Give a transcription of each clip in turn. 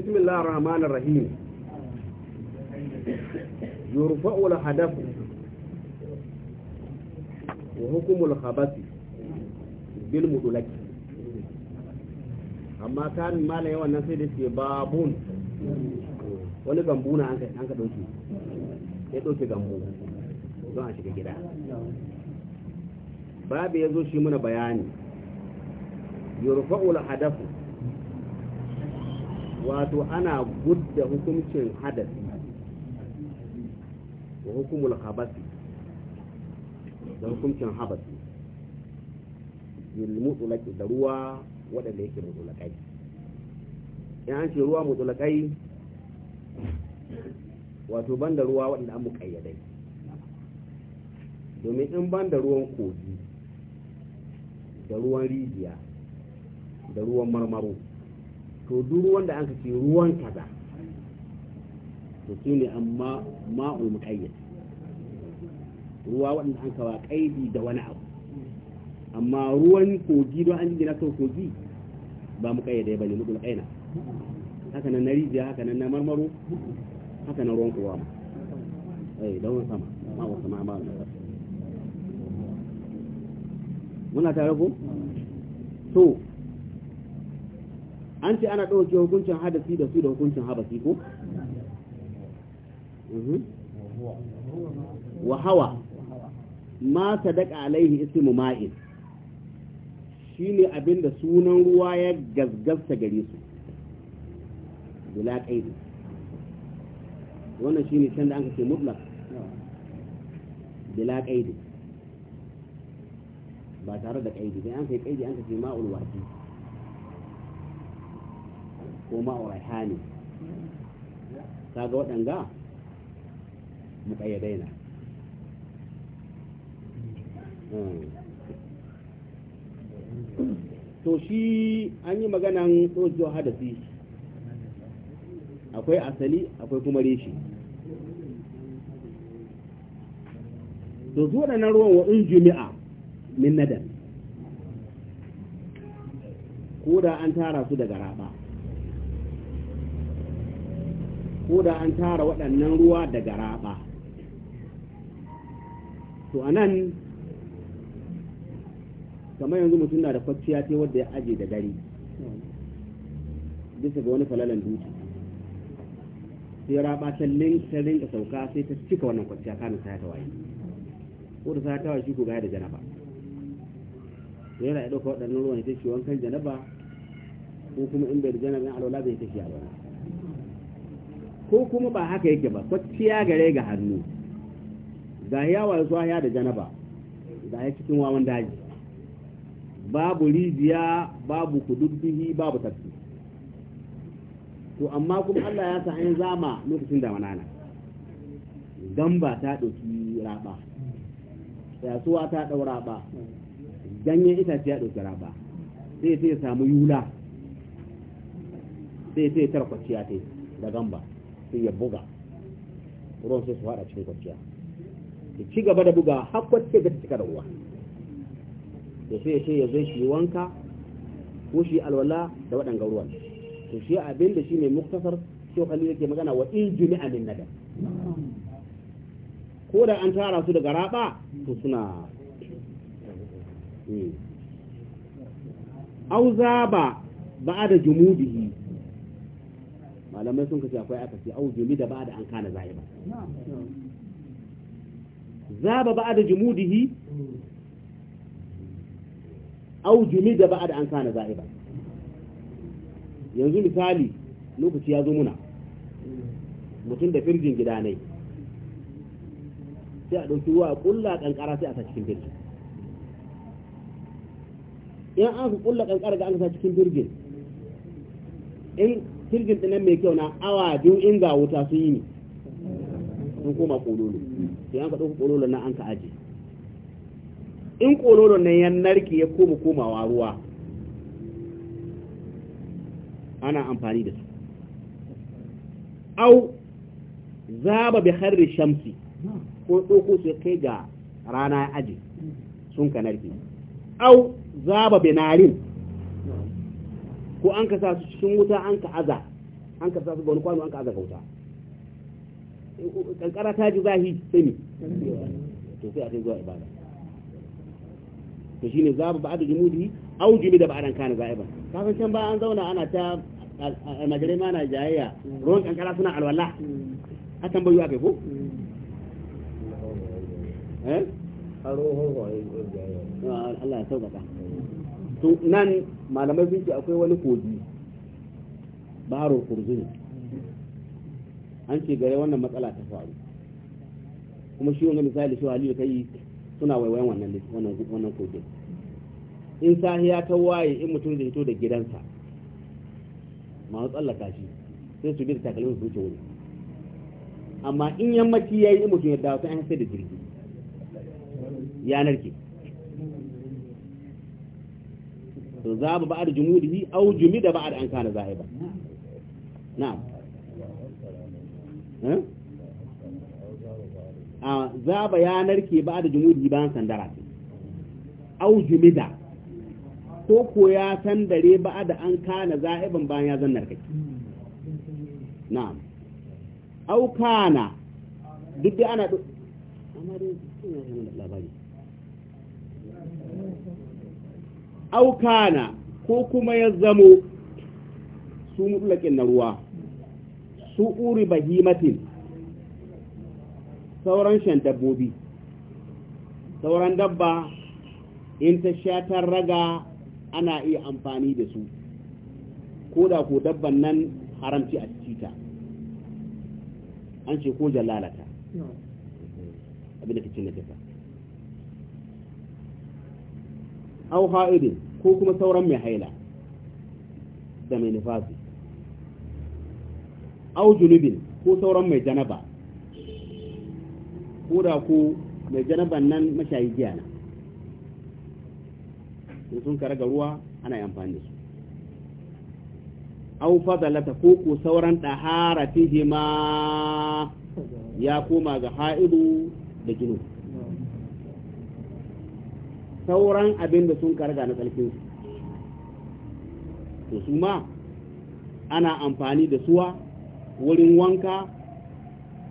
bismillah الله الرحمن الرحيم يرفع الهدف وحكم hukumu al bil amma kan mala yawan nan sai da ke babun wani gambu na an ka ɗauke ya ɗauke gambu don a shiga gida babu ya zo shi muna bayani yurfa'u al-hadafu wato ana gudda hukuncin hadasi wa hukumul habasi da hukuncin habasi yin mutulaki da ruwa waɗanda yake mutulakai in an ce ruwa mutulakai wato ban da ruwa waɗanda an muƙayyadai domin in ban da ruwan kogi da ruwan rijiya da ruwan marmaro to duk ruwan da an ce ruwan kaza to su ne amma ma'ul muqayyad ruwa wanda an kawa kaidi da wani abu amma ruwan kogi don an gina to kogi ba muqayyada bane mudul aina haka nan na rijiya haka nan na marmaro haka nan ruwan kowa eh don sama ma sama ma muna tare ko to an ce ana ɗauke hukuncin hadasi da su da hukuncin habasi ko mhm. wa hawa ma sadaka alaihi ismu ma'in abin abinda sunan ruwa ya gazgasta gare su bila ƙaidu wannan shi ne can da an ce mutlaq bila ƙaidu ba tare da ƙaidu sai an kai ƙaidu an ce ma'ul waqi ko ma'aurata ne ta ga waɗanga muƙayyadai na hmm. to shi an yi maganan tsohon hadasi akwai asali akwai kuma reshi to zuwa na ruwan wa'in jumi'a min nadan ko da an tara su daga raba ko da an tara waɗannan ruwa daga raɓa to a nan kamar yanzu mutum na da kwaciya ce wadda ya aje da dare bisa ga wani falalan dutse sai raɓa ta rinka sauka sai ta cika wannan kwaciya kanin sa ta waye ko da sa ta tawaye shi ko gaya da janaba yana ya ɗauka waɗannan ruwan ya tashi wankan janaba ko kuma in bai da janaba ya alwala bai tashi alwala ko kuma ba haka yake ba kwacciya gare ga hannu ga yawa zuwa ya da janaba ga ya cikin wawan daji babu rijiya babu kududdihi babu tafsi to amma kuma Allah ya sa an zama lokacin da manana gamba ta ɗauki raba yasuwa ta ɗau raba ganyen itace ya dauki raba sai sai samu yula sai sai tarkwaciya ta da gamba sai ya buga ruwan sai su cikin kwanciya ya ci gaba da buga har kwanciya ta cika da ruwa da sai ya ce ya zai shi wanka ko shi alwala da waɗanga ruwan to shi abin da shi ne muktasar shi khalil yake magana wa in jumi'a min nadam ko da an tara su daga raba to suna eh. auzaba ba da jumudihi malamai sun kace akwai aka ce au da ba'da an kana za'iba zaba ba'da jumudihi au da ba'da an kana za'iba yanzu misali lokaci ya zo muna mutum da firjin gida ne sai a ɗauki ruwa a ƙulla ƙanƙara sai a sa cikin firjin in an ku ƙulla ƙanƙara ga an sa cikin firjin in kirgin dinan mai kyau na awa biyu in ga wuta sun yi ne sun koma kololo sai an ka ɗauka kololo na an ka aje in kololo na yan narke ya koma komawa ruwa ana amfani da su au zaba bi harri shamsi ko ɗauko su kai ga rana aji sun ka narke au zaba bi narin ko an ka sa su cikin wuta an ka aza an ka sa su bani kwano an ka aza ka wuta kankara ta ji zahi sai ne to sai a ta zuwa ibada to shine za ba da jumudi au jumi da ba'dan kana zaiba kafin can ba an zauna ana ta almajirai ma na jayayya ruwan kankara suna alwala a tambayi wa kai ko eh Allah ya sauƙaƙa to nan malamai sun ce akwai wani kogi baro kurzun an ce gare wannan matsala ta faru kuma shi wani misali shi halilu kai suna waiwayen wannan wannan wannan kogin in sahiya ta waye in mutum zai hito da gidansa masu tsallaka shi sai su bi da takalmin su wuce wuri amma in yammaci yayi in mutum ya dawo sai an sai da jirgi yanar ke to za mu ba'ad au aw jumida ba'ad an kana zahiba na'am eh? a za ba yanar ke ba'ad jumudihi ban sandara ce aw jumida ko ko ya sandare ba'ad an kana zahiban bayan ya zannar kake na'am au kana duk da ana amma dai sun yi labari aukana ko kuma ya zamo su mutlaƙin na ruwa su uri bahimatin sauran shan dabbobi sauran dabba in ta shatar raga ana iya amfani da su ko da ko dabban nan haramci a cita an ce ko jalalata abin da kacin da ta au ha'idin ko kuma sauran mai haila da mai nifasi au junubin ko sauran mai janaba ko da ko mai janaban nan mashayi giya na in sun kare ga ruwa ana amfani da su au fadalata ko ko sauran ɗahara ma ya koma ga ha'idu da ginu sauran abin da sun karga na tsarkin su to su ma ana amfani da suwa wurin wanka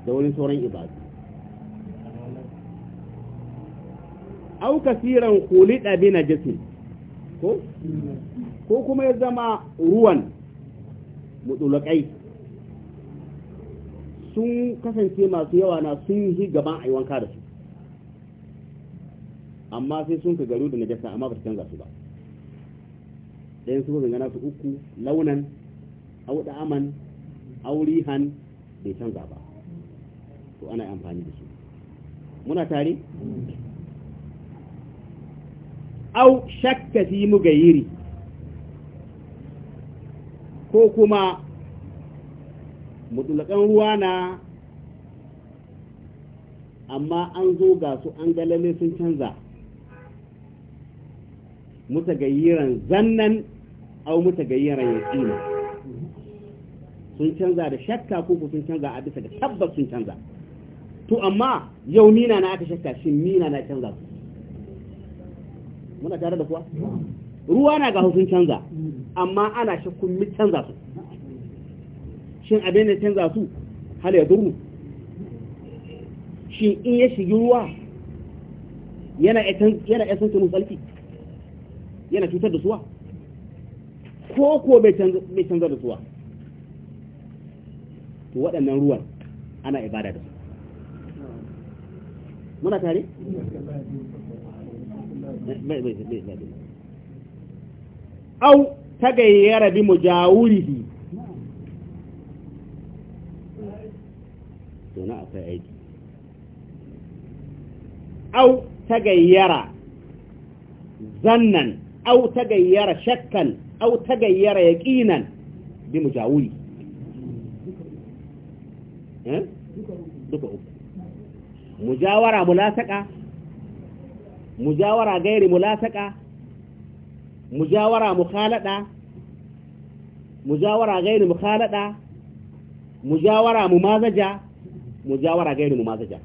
da wurin sauran ibadu au kasiran kulida bi jisi ko ko kuma ya zama ruwan mutulakai sun kasance masu yawa na sun yi gaban a yi wanka da su amma sai sun ka garu da najasa amma ba su canza su ba ɗayan su gana su uku launan au aman au rihan bai canza ba to ana amfani da su muna tare au shakka fi gayiri ko kuma mutulakan ruwa na amma an zo ga su an galale sun canza mutagayyiran zannan au mutagayyiran yaqina sun canza da shakka ko sun canza a bisa da tabbas sun canza to amma yau nina na aka shakka shin nina na canza su muna tare da kuwa ruwa na ga sun canza amma ana shakkun mi canza su shin abin da canza su hal ya duru shin in ya shigi ruwa yana yana ya sun tsarki yana cutar da suwa ko ko bai canza da suwa to waɗannan ruwan ana ibada da su muna tare? au ta gayyara bi mujawurihi to na akwai aiki au ta gayyara zannan أو تغير شكا أو تغير يقينا بمجاوري duka uku mujawara mulasaka mujawara gairi mulasaka mujawara mukhalada mujawara gairi mukhalada mujawara mumazaja mujawara gairi mumazaja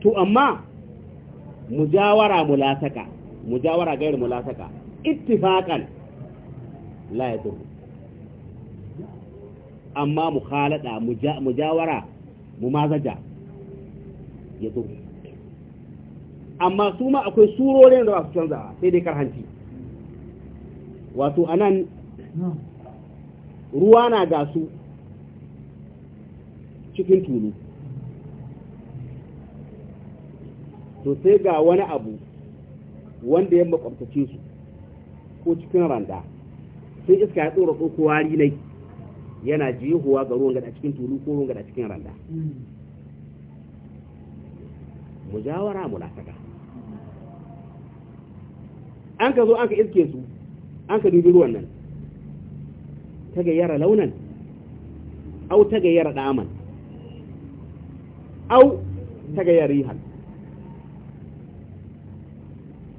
to amma mujawara mulasaka mujawara gair mulasaka ittifaqan la yadur amma mukhalada mujawara mumazaja yadur amma su ma akwai surorin da su canza sai dai karhanci wato anan ruwa na gasu cikin tulu to sai ga wani abu wanda ya makwabtace su ko cikin randa sai iska ya tsora ko wari nai yana jihuwa ga ruwan gada cikin tulu ko ruwan gada cikin randa mujawara munafaka an ka zo an ka iske su an ka dubi ruwan nan ta gayyara launan au ta gayyara daman au ta gayyara rihan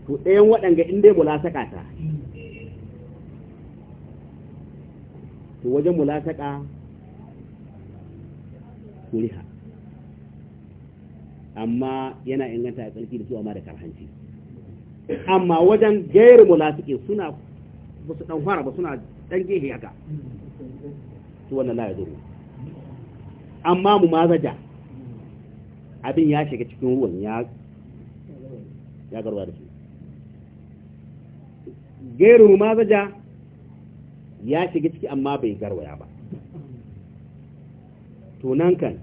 to ɗayan waɗanga in dai mulasaka ta to wajen mulasaka kuriha amma yana inganta a tsarki da su amma da karhanci amma wajen gairu mulasiki suna ba su ɗan fara ba suna ɗan gehe haka su wannan la zuru amma mu ma zaja, abin ya shiga cikin ruwan ya garwa da su gero ma zaja ya shiga ciki amma bai garwaya ba tunan kan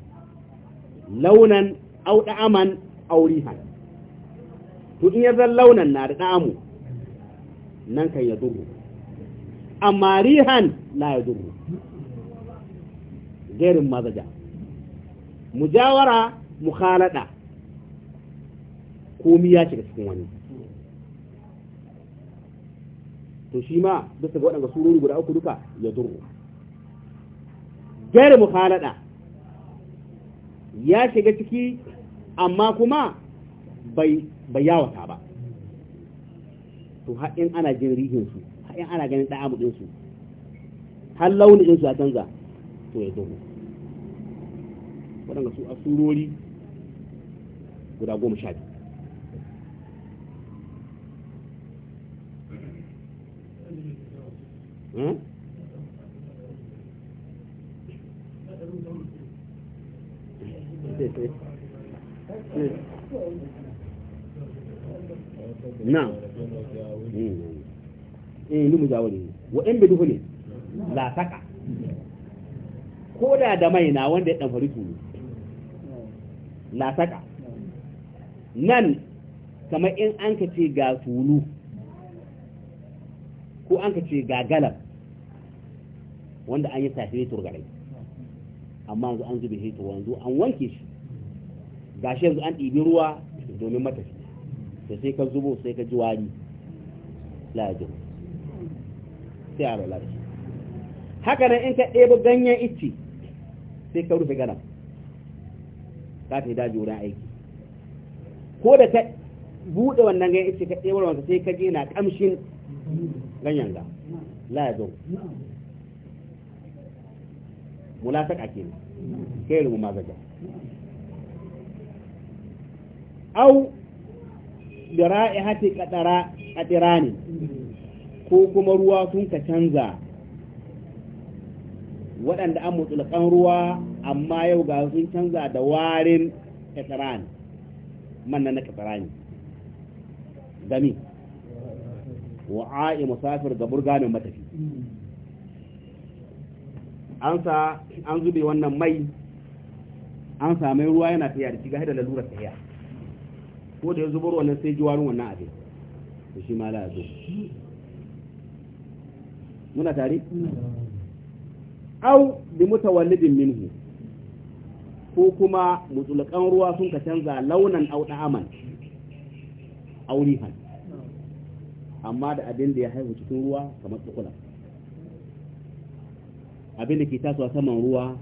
launan au da'aman aurihan to in ya zan launan na da da'amu nan kan ya duru amma rihan la ya duru gairin mazaja mujawara mukhalada komi ya shiga cikin wani to shi ma bisa ga waɗanda surori guda uku duka ya duru gairu mukhalada ya shiga ciki amma kuma bai yawata ba to haɗin ana jin har haɗin ana ganin ɗa'amu ɗinsu har launin su a canza to ya duru waɗanda su asurori surori guda goma sha biyu Hmm? na'am eh lumu jawari wa in bi duhuli la saka koda da mai na wanda ya dan fari tulu la saka nan kamar in an ka ce ga tulu ko an ka ce ga galab wanda an yi tafiye turgarai amma yanzu an zube hito wanzu an wanke shi gashi yanzu an ɗibi ruwa domin matafi da sai ka zubo sai ka ji wari lajin sai a rola shi haka nan in ka ɗebo ganyen ice sai ka rufe ganan ka ta yi daji wurin aiki ko da ka buɗe wannan ganyen ice ka ɗebo wanda sai ka je na ƙamshin ganyen ga lajin mulasaka ke kai rubu mazaja au da hati kadara ne ko kuma ruwa sun ka canza waɗanda an mutulakan ruwa amma yau ga sun canza da warin kadirani manna na ne gami wa'a'i musafir ga burganin matafi an sa an zube wannan mai an sami ruwa yana tafiya da shiga da lalurar tafiya ko da ya zubar wannan sai warin wannan abin da shi ma la'azu zo muna tare au bi mutawallidin minhu ko kuma mutulakan ruwa sun ka canza launan au da'aman aurihan amma da abin da ya haihu cikin ruwa kamar tsukulan abin da ke tasowa saman ruwa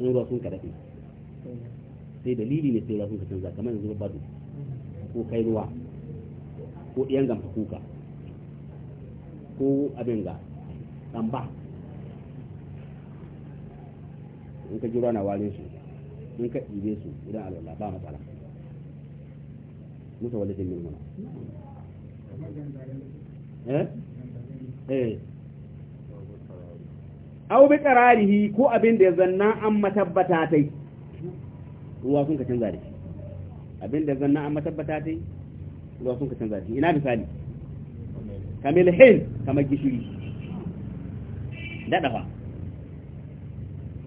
in ruwa sun kadafi sai dalili ne sai ruwa sun ka canza kamar yanzu babbado ko kai ruwa ko ɗiyan gamfa kuka ko abin ga ba in ka jira na wale su in ka ɗibe su idan alwala ba matsala musa wallafin milmuna eh eh aw bi qararihi ko abin da zanna an matabbata tai ruwa sun ka canza da shi abin da zanna an matabbata tai ruwa sun ka canza da shi ina misali kamil hin kamar gishiri dadafa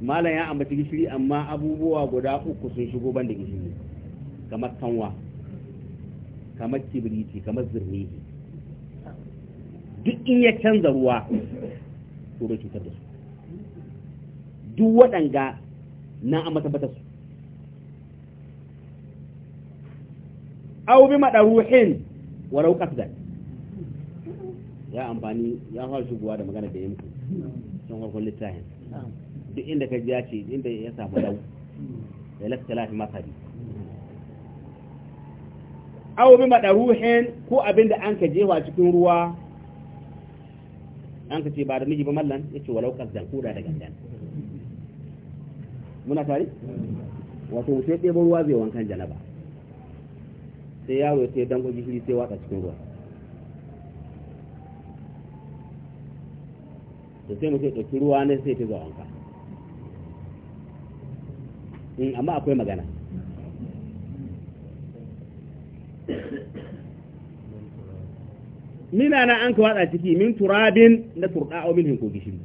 malam ya ambaci gishiri amma abubuwa guda uku sun shigo ban da gishiri kamar kanwa kamar kibiriti kamar zirnihi duk in ya canza ruwa ko bai cutar da su duk waɗanga na a matabbatar su au bi ruhin walau qasdan ya amfani ya fara shigowa da magana da yanku sun harkar littafin duk inda ka ji ya ce inda ya samu lau da lafta lafi masari masa bi ruhin ko abinda an ka jewa cikin ruwa an ka ce ba da miji ba mallan ya ce walau kasdan ko da gandan muna tare wato sai ya ɗebo ruwa zai wankan janaba sai yaro ya sai dango gishiri sai watsa cikin ruwa da sai mutum ya ɗauki ruwa ne sai ta zuwa wanka hmm, amma akwai magana mina na an ka ciki min turabin na turɗa a min hinko gishiri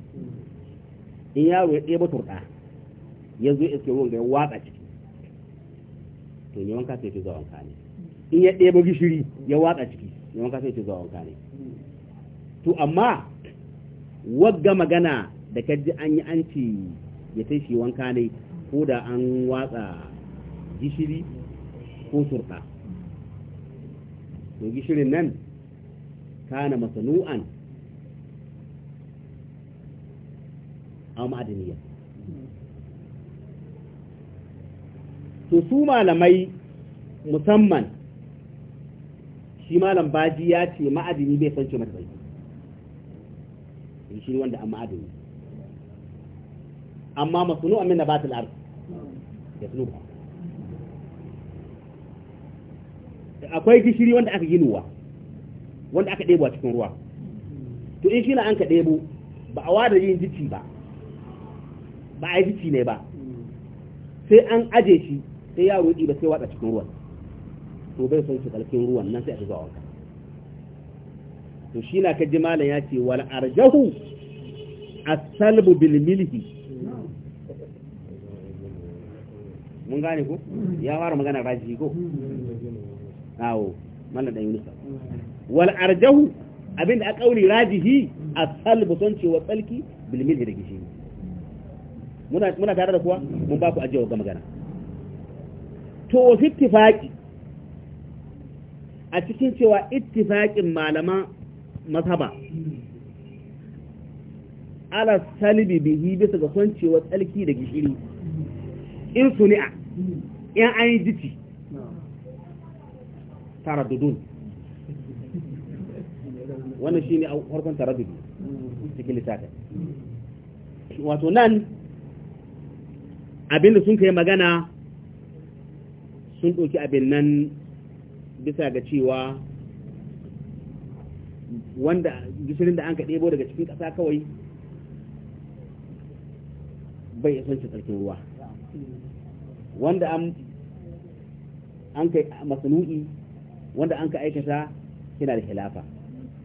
in yaro ya ɗebo turɗa ya iske wanga ya watsa ciki to ne wanka sai fi zuwa wanka ne in ya ɗebo gishiri ya watsa ciki ne wanka sai ci zuwa wanka ne to amma wagga magana da kaji an yi an ci ya ta shi wanka ne ko da an watsa gishiri ko surka to gishirin nan kana masanu'an a ma'adaniya to su malamai musamman shi malam baji ya ce ma'adini bai san ce mata bai shi wanda an ma'adini amma masunu amin na batul arz ya sunu akwai gishiri wanda aka ginuwa wanda aka ɗebo a cikin ruwa to in shi na an ka ɗebo ba a wada yin jiki ba ba a yi jiki ne ba sai an aje shi sai yaro ya ɗiba sai watsa cikin ruwan to bai son shi kalkin ruwan nan sai a zuwa wanka to shi na kaji malam ya ce wal arjahu as-salbu bil milhi mun gane ko ya fara magana raji ko awo mallan dan yunusa wal arjahu abinda a kauli rajihi as-salbu son ce wa tsalki bil milhi da gishiri muna muna tare da kuwa mun ba ku ajewa ga magana to wasu ittifaki a cikin cewa ittifakin malaman mazhaba ala salibi bihi bisa ga kwancewa tsalki da gishiri in suni'a in an yi jiti taraddudun wannan ne a farkon taraddudu cikin littafin wato nan abinda sun kai magana sun ɗauki abin nan bisa ga cewa wanda gishirin da an ka ɗebo daga cikin ƙasa kawai bai isan shi tsarkin ruwa wanda an ka kai masanu'i wanda an ka aikata yana da hilafa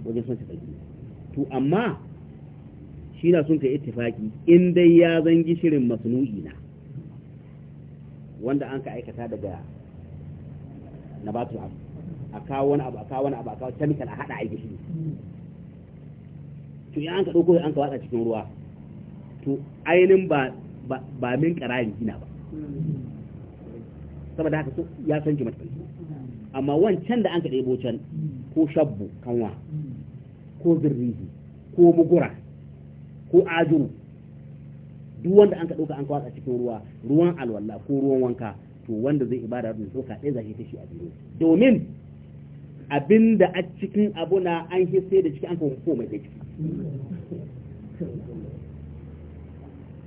wajen sanci tsarki to amma shi na sun ka ittifaki in dai ya zan gishirin masanu'i na wanda an ka aikata daga na ba su abu a kawo wani abu a kawo wani abu a kawo chemical a hada a gishiri to ya an ka dauko an ka watsa cikin ruwa to ainihin ba ba min kararin gina ba saboda haka ya san jimat amma wancan da an ka ɗebo can ko shabbu kanwa ko zirrihi ko mugura ko ajuru duk wanda an ka ɗauka an watsa cikin ruwa ruwan alwala ko ruwan wanka to wanda zai ibada da kaɗai ɗaya shi ta shi a duniya domin abinda a cikin abu na an hi sai da ciki an kawo ko mai ciki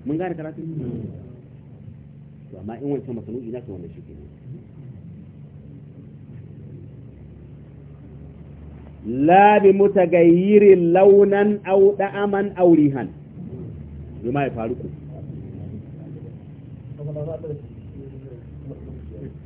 mun gane karatu to amma in wancan masanu'i na to wannan shi ne la bi mutagayyirin launan au da'aman aurihan bima ya faru ku